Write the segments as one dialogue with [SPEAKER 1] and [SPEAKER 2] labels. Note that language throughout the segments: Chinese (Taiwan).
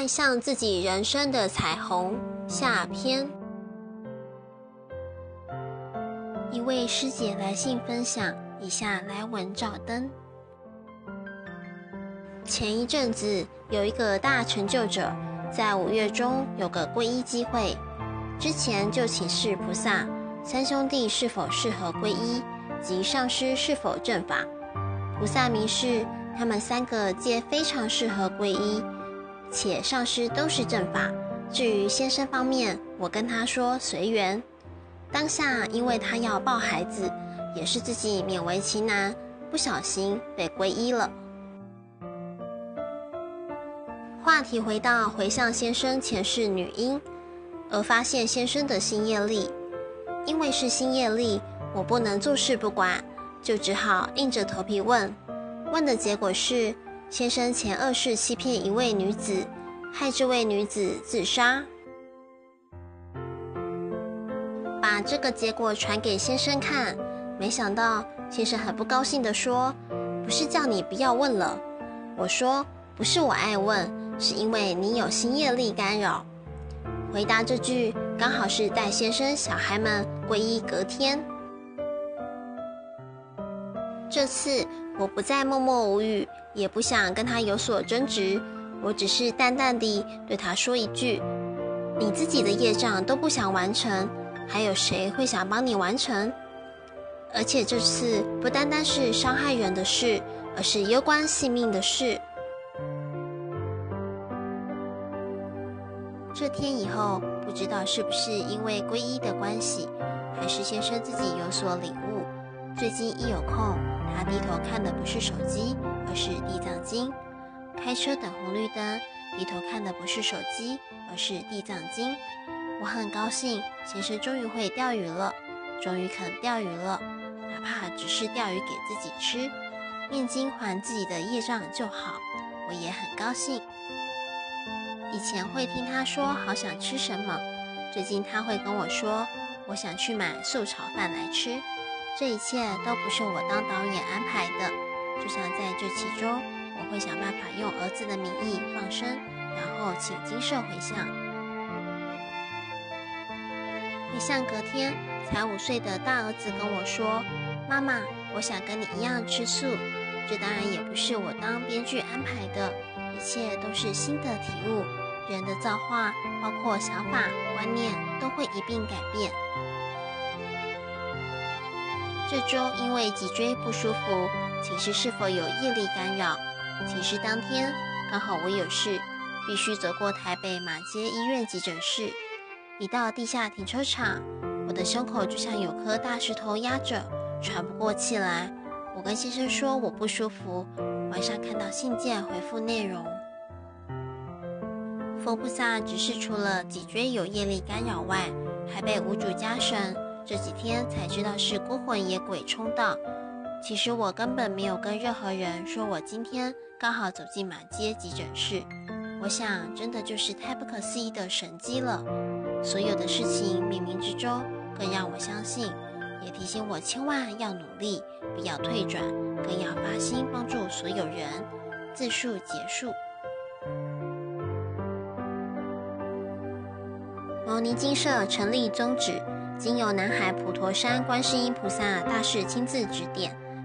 [SPEAKER 1] 邁向自己人生的彩虹下篇。一位師姐來信分享，以下來文照登。前一陣子有一個大成就者，在五月中有個皈依機會，之前就請示菩薩三兄弟是否適合皈依，及上師是否正法。菩薩明示，他們三個皆非常適合皈依。且上師都是正法。至於先生方面，我跟他說隨緣。當下，因為他要抱孩子，也是自己勉為其難，不小心被皈依了。話題回到回向先生前世女嬰，而發現先生的新業力。因為是新業力，我不能坐視不管，就只好硬着頭皮問。問的結果是。先生前二世欺騙一位女子，害這位女子自殺，把這個結果傳給先生看，沒想到先生很不高興的說：“不是叫你不要問了。”我說：“不是我愛問，是因為你有心業力干擾。”回答這句剛好是帶先生小孩們皈依隔天，這次我不再默默無語。也不想跟他有所爭執，我只是淡淡地對他說一句：“你自己的業障都不想完成，還有誰會想幫你完成？而且這次不單單是傷害人的事，而是攸關性命的事。”這天以後，不知道是不是因為皈依的關係，還是先生自己有所領悟，最近一有空，他低頭看的不是手機，而是地藏經。開車等紅綠燈，低頭看的不是手機，而是地藏經。我很高興，先生終於會釣魚了，終於肯釣魚了，哪怕只是釣魚給自己吃，念經還自己的業障就好。我也很高興。以前會聽他說好想吃什麼，最近他會跟我說，我想去買素炒飯來吃。這一切都不是我當導演安排的。就想在這其中，我會想辦法用兒子的名義放生，然後請精舍回向。回向隔天才五歲的大兒子跟我說：“媽媽，我想跟你一樣吃素。”這當然也不是我當編劇安排的，一切都是新的體悟。人的造化，包括想法、觀念，都會一併改變。這週因為脊椎不舒服。請示是否有業力干擾？請示當天剛好我有事，必須走過台北馬偕醫院急診室。一到地下停車場，我的胸口就像有顆大石頭壓着，喘不過氣來。我跟先生說我不舒服，晚上看到信件回復內容。佛菩薩指示除了脊椎有業力干擾外，還被無主家神。這幾天才知道是孤魂野鬼衝到。其實我根本沒有跟任何人說，我今天剛好走進滿街急診室。我想，真的就是太不可思議的神蹟了。所有的事情冥冥之中，更讓我相信，也提醒我千萬要努力，不要退轉，更要發心幫助所有人。自述結束。牟尼精舍成立宗旨，經由南海普陀山觀世音菩薩大士親自指點。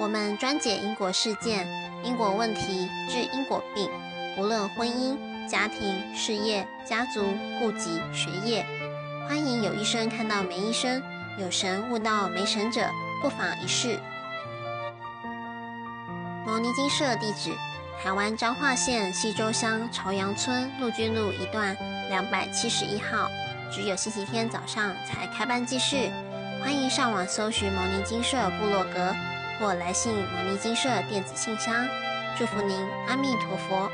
[SPEAKER 1] 我們專解因果事件、因果問題，治因果病。無論婚姻、家庭、事業、家族、痼疾、學業，歡迎有醫生看到沒醫生，有神求到沒神者，不妨一試。牟尼精舍地址：台灣彰化縣溪州鄉朝陽村陸軍路一段兩百七十一號。只有星期天早上才開班濟世，歡迎上網搜尋牟尼精舍部落格。或來信牟尼精舍電子信箱，祝福您，阿彌陀佛。